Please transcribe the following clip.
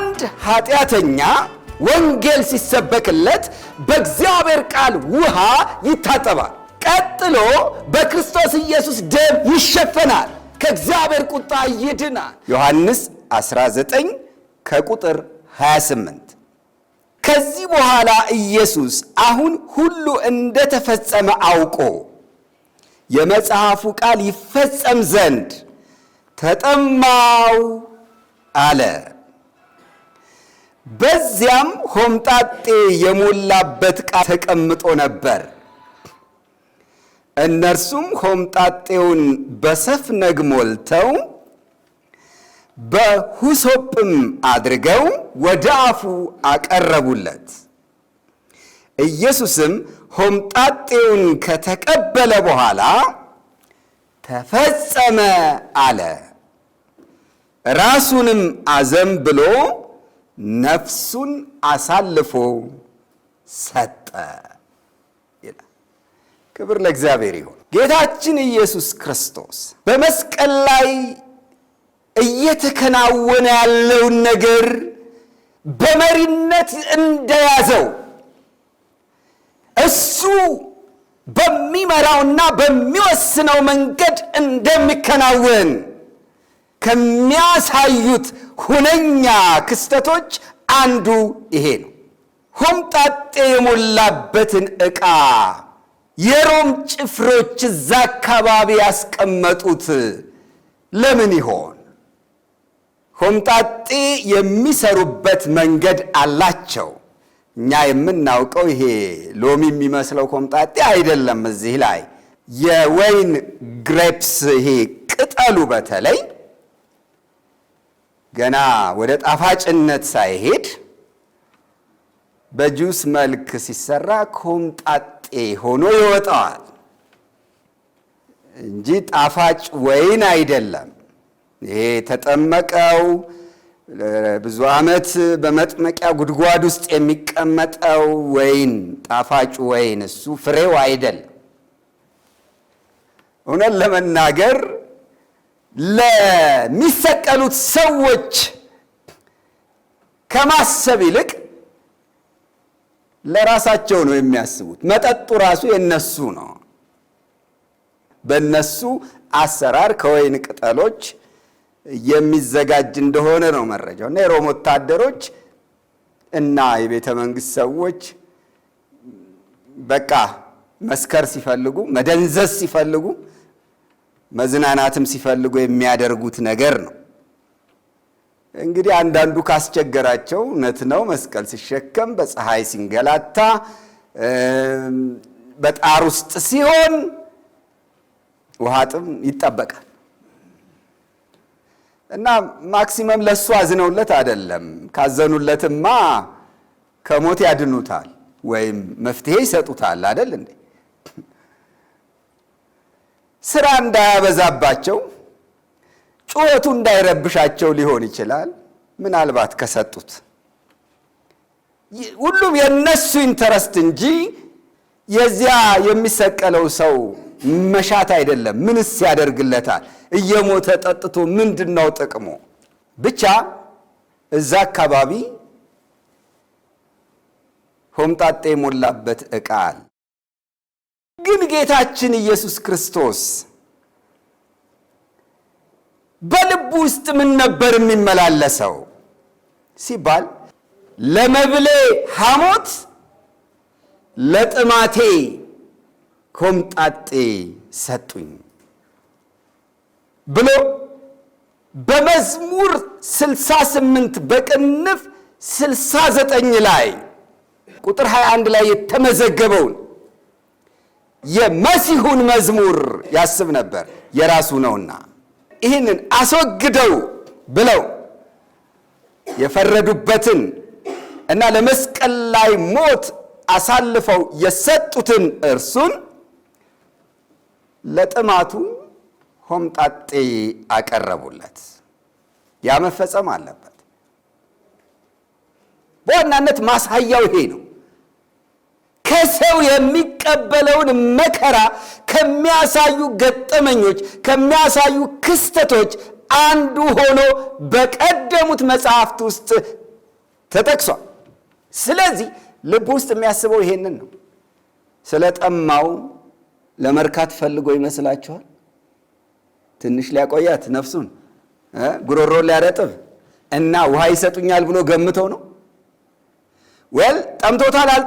አንድ ኃጢአተኛ ወንጌል ሲሰበክለት በእግዚአብሔር ቃል ውሃ ይታጠባል። ቀጥሎ በክርስቶስ ኢየሱስ ደም ይሸፈናል፣ ከእግዚአብሔር ቁጣ ይድናል። ዮሐንስ 19 ከቁጥር 28። ከዚህ በኋላ ኢየሱስ አሁን ሁሉ እንደተፈጸመ አውቆ የመጽሐፉ ቃል ይፈጸም ዘንድ ተጠማው አለ። በዚያም ሆምጣጤ የሞላበት ዕቃ ተቀምጦ ነበር። እነርሱም ሆምጣጤውን በሰፍነግ ሞልተው በሁሶጵም አድርገው ወደ አፉ አቀረቡለት። ኢየሱስም ሆምጣጤውን ከተቀበለ በኋላ ተፈጸመ አለ። ራሱንም አዘን ብሎ ነፍሱን አሳልፎ ሰጠ ይላል። ክብር ለእግዚአብሔር ይሁን። ጌታችን ኢየሱስ ክርስቶስ በመስቀል ላይ እየተከናወነ ያለውን ነገር በመሪነት እንደያዘው እሱ በሚመራውና በሚወስነው መንገድ እንደሚከናወን ከሚያሳዩት ሁነኛ ክስተቶች አንዱ ይሄ ነው። ሆምጣጤ የሞላበትን ዕቃ የሮም ጭፍሮች እዛ አካባቢ ያስቀመጡት ለምን ይሆን? ሆምጣጤ የሚሰሩበት መንገድ አላቸው። እኛ የምናውቀው ይሄ ሎሚ የሚመስለው ሆምጣጤ አይደለም። እዚህ ላይ የወይን ግሬፕስ ይሄ ቅጠሉ በተለይ ገና ወደ ጣፋጭነት ሳይሄድ በጁስ መልክ ሲሰራ ኮምጣጤ ሆኖ ይወጣዋል እንጂ ጣፋጭ ወይን አይደለም። ይሄ ተጠመቀው ብዙ ዓመት በመጥመቂያ ጉድጓድ ውስጥ የሚቀመጠው ወይን ጣፋጭ ወይን እሱ ፍሬው አይደለም። እውነት ለመናገር ለሚሰቀሉት ሰዎች ከማሰብ ይልቅ ለራሳቸው ነው የሚያስቡት። መጠጡ ራሱ የነሱ ነው። በነሱ አሰራር ከወይን ቅጠሎች የሚዘጋጅ እንደሆነ ነው መረጃው። እና የሮም ወታደሮች እና የቤተ መንግስት ሰዎች በቃ መስከር ሲፈልጉ፣ መደንዘዝ ሲፈልጉ መዝናናትም ሲፈልጉ የሚያደርጉት ነገር ነው። እንግዲህ አንዳንዱ ካስቸገራቸው እውነት ነው መስቀል ሲሸከም በፀሐይ ሲንገላታ በጣር ውስጥ ሲሆን ውሃ ጥም ይጠበቃል እና ማክሲመም ለእሱ አዝነውለት አይደለም። ካዘኑለትማ ከሞት ያድኑታል ወይም መፍትሄ ይሰጡታል አይደል እንዴ? ስራ እንዳያበዛባቸው ጩኸቱ እንዳይረብሻቸው ሊሆን ይችላል። ምናልባት ከሰጡት ሁሉም የነሱ ኢንተረስት እንጂ የዚያ የሚሰቀለው ሰው መሻት አይደለም። ምንስ ያደርግለታል? እየሞተ ጠጥቶ ምንድን ነው ጥቅሙ? ብቻ እዛ አካባቢ ሆምጣጤ የሞላበት ዕቃ አለ። ግን ጌታችን ኢየሱስ ክርስቶስ በልቡ ውስጥ ምን ነበር የሚመላለሰው ሲባል ለመብሌ ሐሞት ለጥማቴ ኮምጣጤ ሰጡኝ ብሎ በመዝሙር 68 በቅንፍ 69 ላይ ቁጥር 21 ላይ የተመዘገበውን የመሲሁን መዝሙር ያስብ ነበር የራሱ ነውና። ይህንን አስወግደው ብለው የፈረዱበትን እና ለመስቀል ላይ ሞት አሳልፈው የሰጡትን እርሱን ለጥማቱ ሆምጣጤ አቀረቡለት። ያ መፈጸም አለበት። በዋናነት ማሳያው ይሄ ነው። ከሰው የሚቀበለውን መከራ ከሚያሳዩ ገጠመኞች ከሚያሳዩ ክስተቶች አንዱ ሆኖ በቀደሙት መጽሐፍት ውስጥ ተጠቅሷል። ስለዚህ ልብ ውስጥ የሚያስበው ይሄንን ነው። ስለ ጠማው ለመርካት ፈልጎ ይመስላችኋል? ትንሽ ሊያቆያት ነፍሱን ጉሮሮ ሊያረጥብ እና ውሃ ይሰጡኛል ብሎ ገምተው ነው። ወል ጠምቶታል።